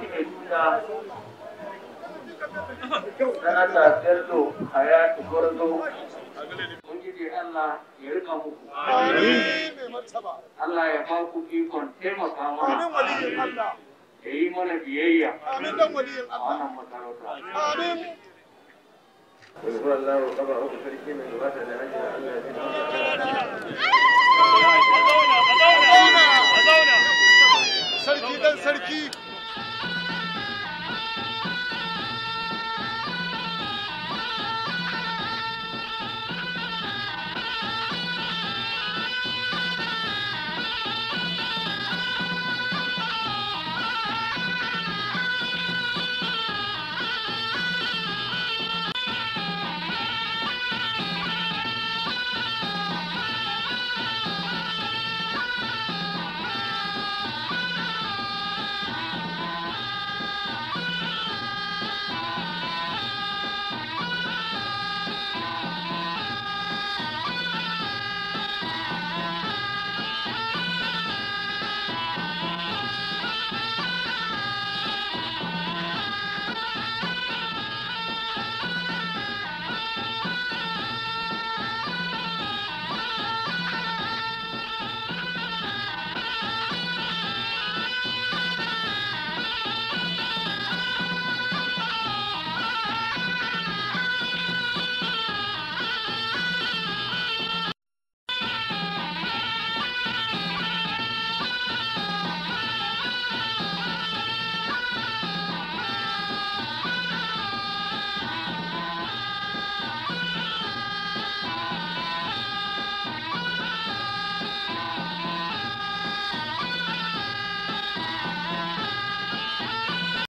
shine nuna dan Allah dardo hayatu gurdo Ubangiji Allah ya rika muku. Allah ya ba ku ikon taimaka mana. Ya yi mana biyayya. Amin dan waliyin Allah. Wannan masarauta. Amin. Allah ya kaba uku sarki mai gabata da hanyar Allah ya